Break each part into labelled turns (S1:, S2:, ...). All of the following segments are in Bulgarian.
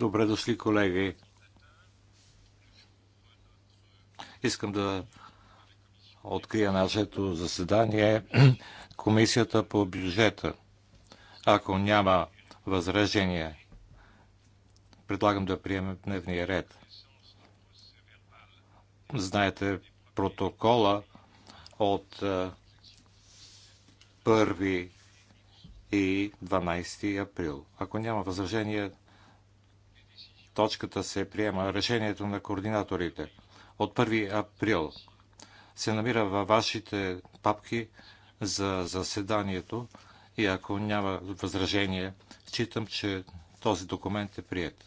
S1: Добре дошли, колеги. Искам да открия нашето заседание Комисията по бюджета. Ако няма възражение, предлагам да приемем дневния ред. Знаете протокола от първи и 12 април. Ако няма възражение, точката се приема. Решението на координаторите от 1 април се намира във вашите папки за заседанието и ако няма възражение, считам, че този документ е прият.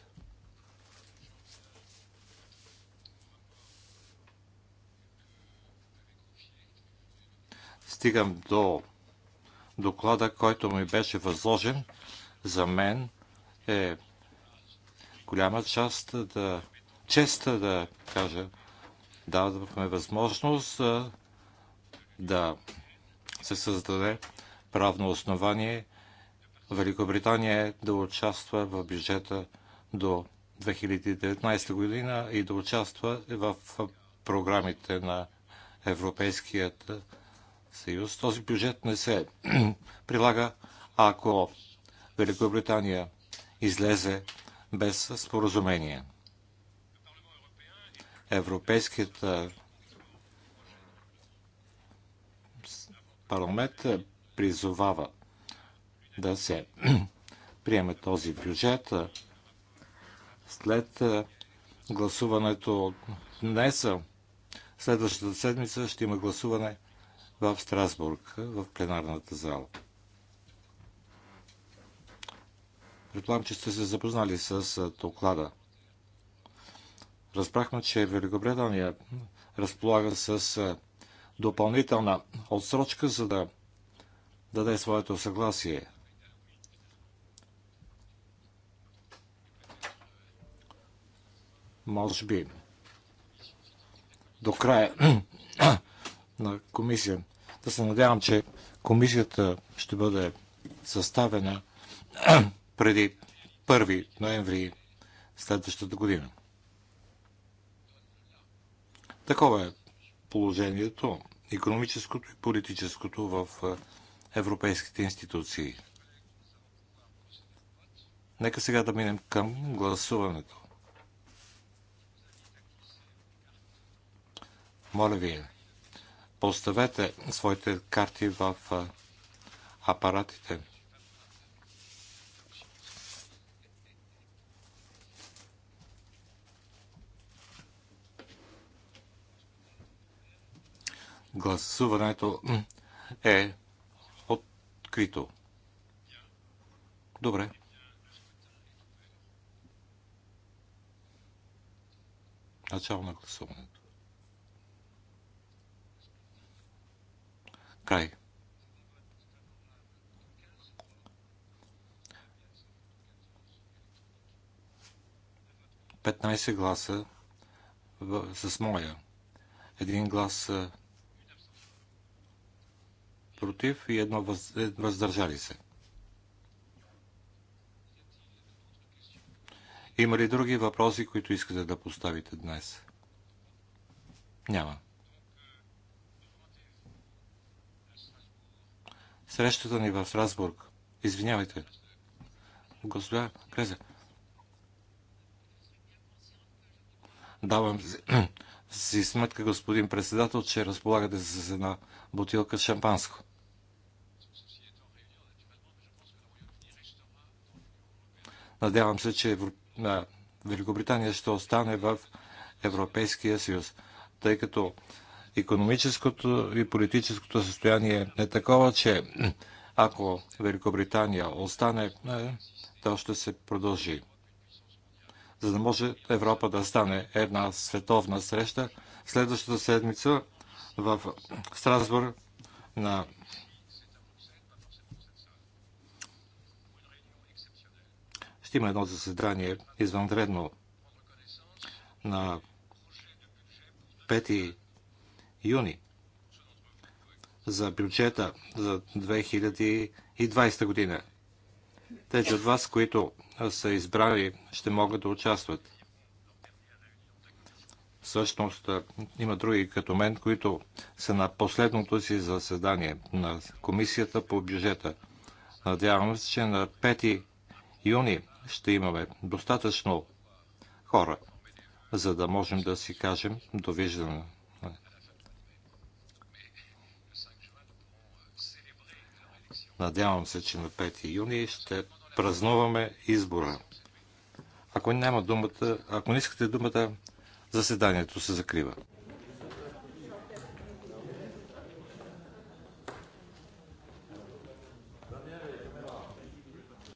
S1: Стигам до доклада, който ми беше възложен, за мен е голяма част да честа да кажа, дадохме възможност да се създаде правно основание Великобритания да участва в бюджета до 2019 година и да участва в програмите на Европейският съюз, този бюджет не се прилага, ако Великобритания излезе без споразумение. Европейският парламент призовава да се приеме този бюджет след гласуването днес. Следващата седмица ще има гласуване в Страсбург, в пленарната зала. Предполагам, че сте се запознали с доклада. Разбрахме, че Великобритания разполага с допълнителна отсрочка, за да даде своето съгласие. Може би до края на комисия да се надявам, че комисията ще бъде съставена преди 1 ноември следващата година. Такова е положението, економическото и политическото в европейските институции. Нека сега да минем към гласуването. Моля ви, Поставете своите карти в апаратите. Гласуването е открито. Добре. Начало на гласуването. Край. Петнайсет гласа с моя. Един глас против и едно въз... Е, въздържали се. Има ли други въпроси, които искате да поставите днес? Няма. срещата ни в Страсбург. Извинявайте. Господа Крезе. Давам си сметка, господин председател, че разполагате с една бутилка шампанско. Надявам се, че Евро... Великобритания ще остане в Европейския съюз, тъй като економическото и политическото състояние е такова, че ако Великобритания остане, е, то ще се продължи. За да може Европа да стане една световна среща, следващата седмица в Страсбург на ще има едно заседание извънредно на юни за бюджета за 2020 година. Тези от вас, които са избрали, ще могат да участват. Всъщност има други като мен, които са на последното си заседание на Комисията по бюджета. Надявам се, че на 5 юни ще имаме достатъчно хора, за да можем да си кажем довиждане. Надявам се, че на 5 юни ще празнуваме избора. Ако няма думата, ако не искате думата, заседанието се закрива.